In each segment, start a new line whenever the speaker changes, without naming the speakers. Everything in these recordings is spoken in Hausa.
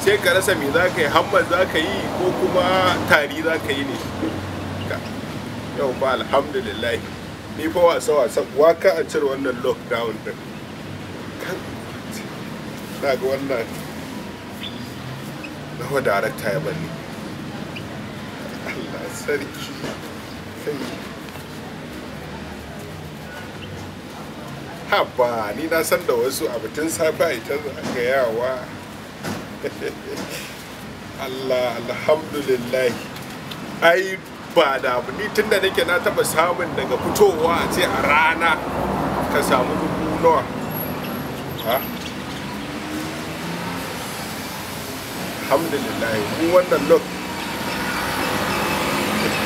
sai ka rasa me za ka yi hamman za ka yi ko kuma tari za ka yi ne yau ba alhamdulillah ni fa wasa wasa waka a cire wannan lockdown din na ga wannan nawa darakta ya bani Allah sarki haba ni na san da wasu a safa safe a ita yawa. Allah alhamdulillah ai ba da ni tunda nake na taba samun daga fitowa a ce a rana ka samu dubu nawa ha alhamdulillah mu wannan look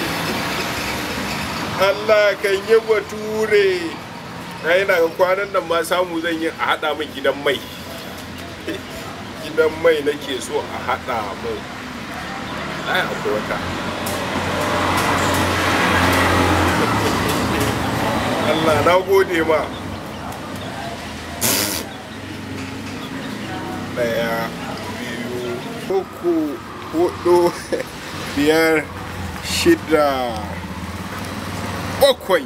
Allah kan yi bature na yana kwanan nan ma samu zan yi a haɗa min gidan mai dan mai nake so a haɗa mai ai akwai wata Allah na gode ma ɗaya biyu uku hudu biyar shida bakwai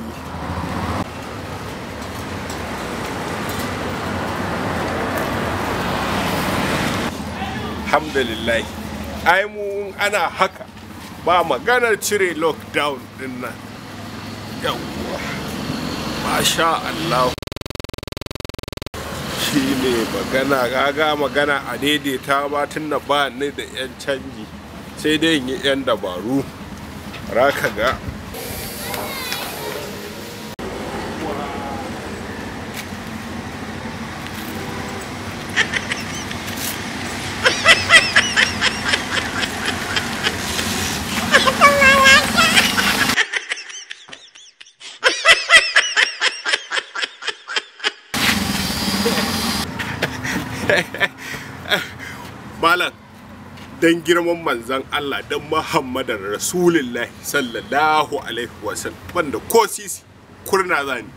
alhamdulillah ai mu ana haka ba maganar cire lockdown din nan yawwa masha Allah shi ne magana gaga magana a daidaita ba tun ba ni da 'yan canji sai dai yi 'yan dabaru raka ga malam don girman manzan Allah don Muhammadar Rasulullahi sallallahu alaihi wasallam banda ko sisi kurna zani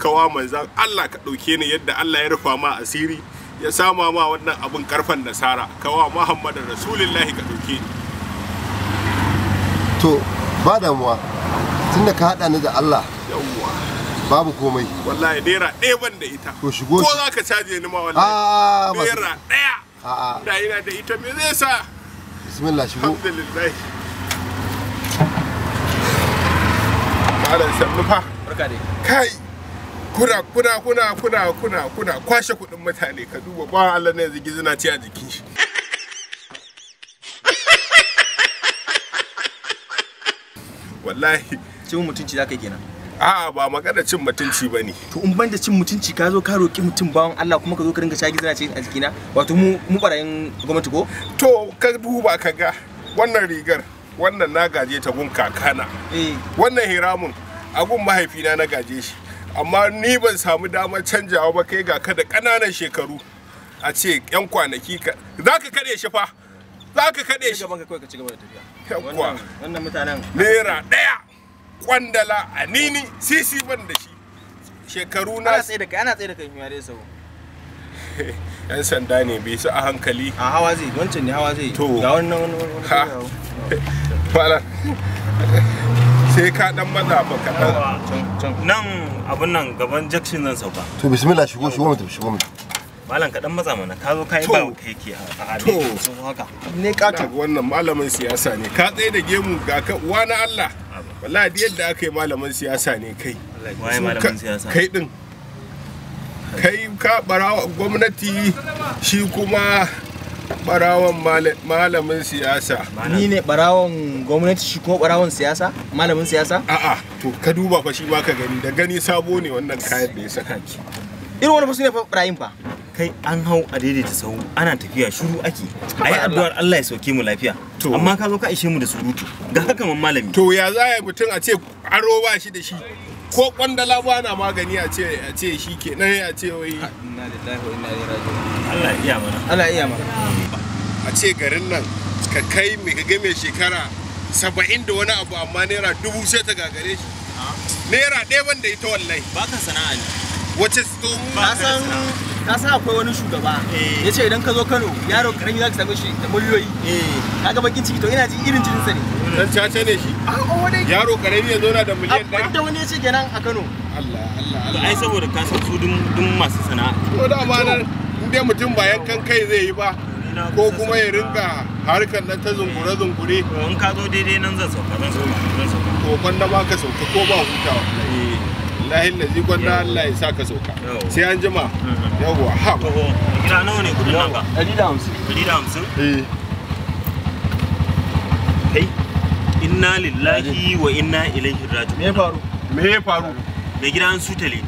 kawa manzan Allah ka ɗauke ni yadda Allah ya rufa ma asiri ya sama ma wannan abin karfan nasara kawa Muhammadar Rasulullahi ka ɗauke ni to ba damuwa tunda ka haɗa ni da Allah yawwa babu komai wallahi naira ɗaya ban da ita to shigo ko za ka caje ni ma wallahi naira ɗaya da ina da ita me zai sa bismillah shigo alhamdulillah malam sannu nufa barka dai kai kuna kuna kuna kuna kuna kuna kwashe kudin mutane ka duba ba Allah ne zigi zina ci a jikin shi wallahi cin mutunci zaka kenan a'a ba magana cin mutunci ba ne to in banda cin mutunci ka zo ka roki mutum bawan Allah kuma ka zo ka dinga shagi zana ce a jikina wato mu mu barayin gwamnati ko to ka duba ka ga wannan rigar wannan na gaje ta gun kakana eh. wannan hiramun a gun mahaifina na gaje shi amma ni ban samu damar canjawa ba kai ga ka da ƙananan shekaru a ce yan kwanaki ka za ka kaɗe shi fa za ka kaɗe shi gaban ka kai? ka ci gaba da tafiya yawwa wannan mutanen naira ɗaya kwandala a nini sisi ban da shi shekaru na ana tsaye da kai ana tsaye da kai ya dai sau yan sanda ne bai su a hankali a hawa zai wancan ne hawa zai to ga wannan wani ha fara sai ka dan maza ba ka
dan nan abun nan gaban jackson zan sauka to bismillah shigo shigo mutum shigo mutum malam dan maza mana ka zo ka yi ba keke a to
haka ne ka wannan malamin siyasa ne ka tsaye da gemu ga ka uwa na Allah wallahi yadda aka yi malamin siyasa ne kai waye malamin siyasa kai din kai ka barawa gwamnati shi kuma barawan malamin siyasa ni ne barawan gwamnati shi kuma barawan siyasa malamin siyasa a'a to ka duba fa shi ma ka gani da gani sabo ne wannan kayan da ya saka ki irin wani fa su ne fa barayin fa kai an hau a daidaita sahu ana tafiya shiru ake ayi addu'ar
Allah ya sauke mu lafiya amma ka zo ka ishe mu da surutu
ga haka man malami to ya za ya mutum a ce aro ba shi da shi ko kwandala ba na magani a ce a ce shi ke nan a ce wai inna lillahi wa inna ilaihi raji'un Allah iya mana Allah iya mana a ce garin nan ka kai me ka ga shekara saba'in da wani abu amma naira dubu sai ta gagare shi naira ɗaya ban da ita wallahi ba ka sana'a ne wace tsohon ba san ka san akwai
wani shugaba eh. ya ce idan ka zo Kano yaro karami za ka same shi da miliyoyi eh. kaga bakin ciki to ina ji irin jinin sa ne dan ne shi ah, oh, yaro karami ya zauna da miliyan ɗaya abin da wani ya ce
kenan a Kano Allah
Allah Allah ai saboda ka san su dun masu sana'a to
da ba nan mutum ba yankan kai zai yi ba ko kuma ya rinka harkar nan ta zungure zungure eh, in ka zo daidai nan zan sauka zan sauka to ba ka sauka ko ba hutawa billahi lazi gwanda Allah ya saka sauka sai an jima mm-hmm. yawwa ha gida nawa ne kudin naka 150 150 eh
kai inna lillahi wa inna ilaihi raji'un me faru me faru me gida an sutale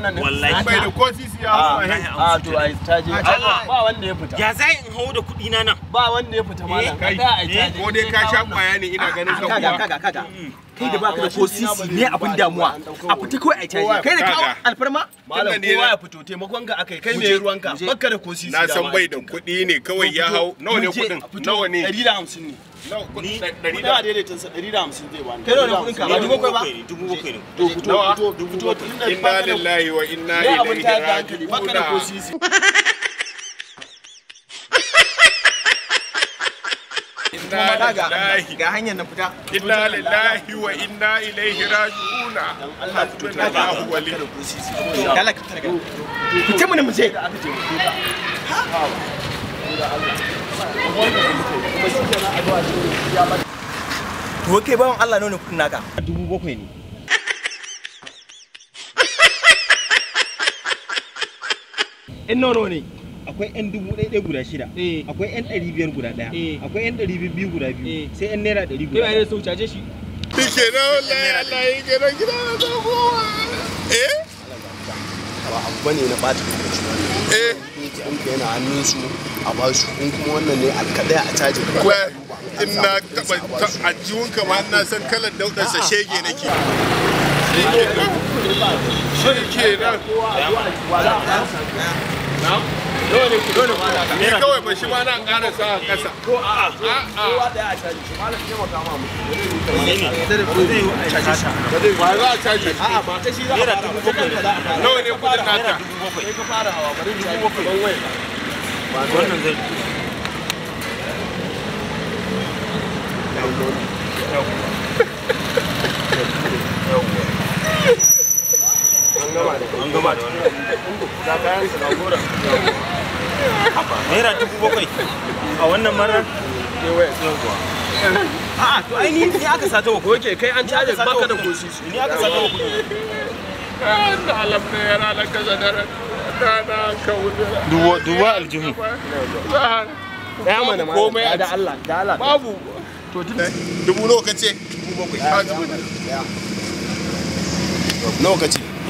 ne wallahi bai da ko sisi ya ah, a ah, to
ta je ah, ba wanda ya fita ya in hau da kudi na nan ba wanda ya fita malam eh, kai eh, ko dai ka sha
kwaya ne ina ganin ah, ka kaga kaga kaga mm. kai da baka da ko sisi ne abin damuwa a fita ko a caji kai da kawo alfarma malam kowa ya fito taimakon ka akai kai ne
ruwanka baka da ko sisi na san bai da kuɗi ne kawai ya hau nawa ne kuɗin nawa ne 150 ne ni ɗari da sa ɗari da hamsin zai bani. Kai nawa kuɗin ka ba dubu bakwai
ba? Dubu bakwai ne. Inna lillahi wa inna ilaihi raji'un. Ya abin ta da hankali baka kuma ba ga ga hanyar na fita inna lillahi wa inna ilaihi raji'una ku hu wali dala ka targa mu je
to kai Allah naka dubu bakwai ne in nono ne akwai yan dubu ɗaya ɗaya guda shida eh. akwai yan ɗari biyar guda ɗaya eh. akwai yan ɗari biyu guda biyu eh. sai yan naira ɗari guda ɗaya sau caje shi
shi na wallahi Allah ya ke nan gida na zafowa eh
ba abu bane na ɓata lokaci
eh in ka yana hannun su a ba su in kuma wannan ne alkaɗaya a caji ko ina taɓa san kalar daudarsa shege nake dole ki dole ku ne kawai ba shi ma nan ƙara sa ƙasa ko a a kowa da y'a caji shi malam ne
maka ma mutum ba za a caji a a ba ta shi za a fara ko kanka za a fara nawa ne kudin nata sai ka fara hawa bari ki dubu bakwai ban ba wannan zai Thank an gama da ga naira dubu bakwai a wannan marar a'a to ai ni aka ko ke kai an da koshi ni aka ko
da yana kaza da ka wuce duwa aljihu ya mana ma da Allah da Allah babu to dubu lokaci dubu bakwai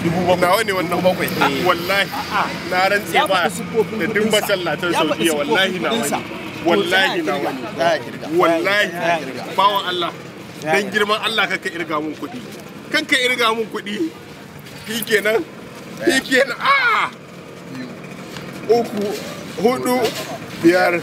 dubu bakwai nawa ne wannan bakwai eh. wallahi na rantse ba da duk masallatan saudiya wallahi na wani wallahi na wani wallahi bawan Allah dan girman Allah kanka irga mun kuɗi kanka irga mun kuɗi shi kenan shi kenan a ah! uku hudu biyar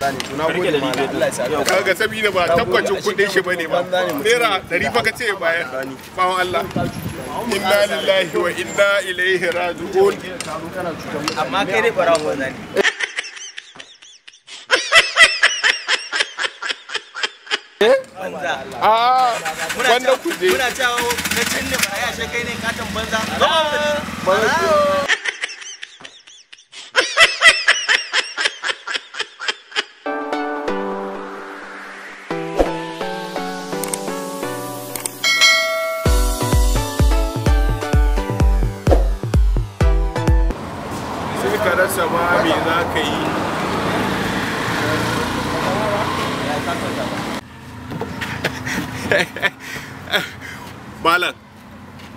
kaga sabida ba tabbacin kudin shi bane ba naira dari fa ka ce bayar bawon Allah inna lillahi wa inna ilaihi raji'un amma kai dai zani
ah, na canne ba ne katon banza. Ba ah, ba.
malam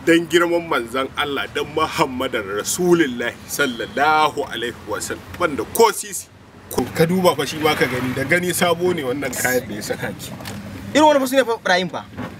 don girman manzan Allah don Muhammadan Rasulullahi sallallahu alaihi wasallam banda ko sisi ka duba fa shi ba ka gani da gani sabo ne wannan kayan da ya saka ki irin wani fa su ne fa Ibrahim fa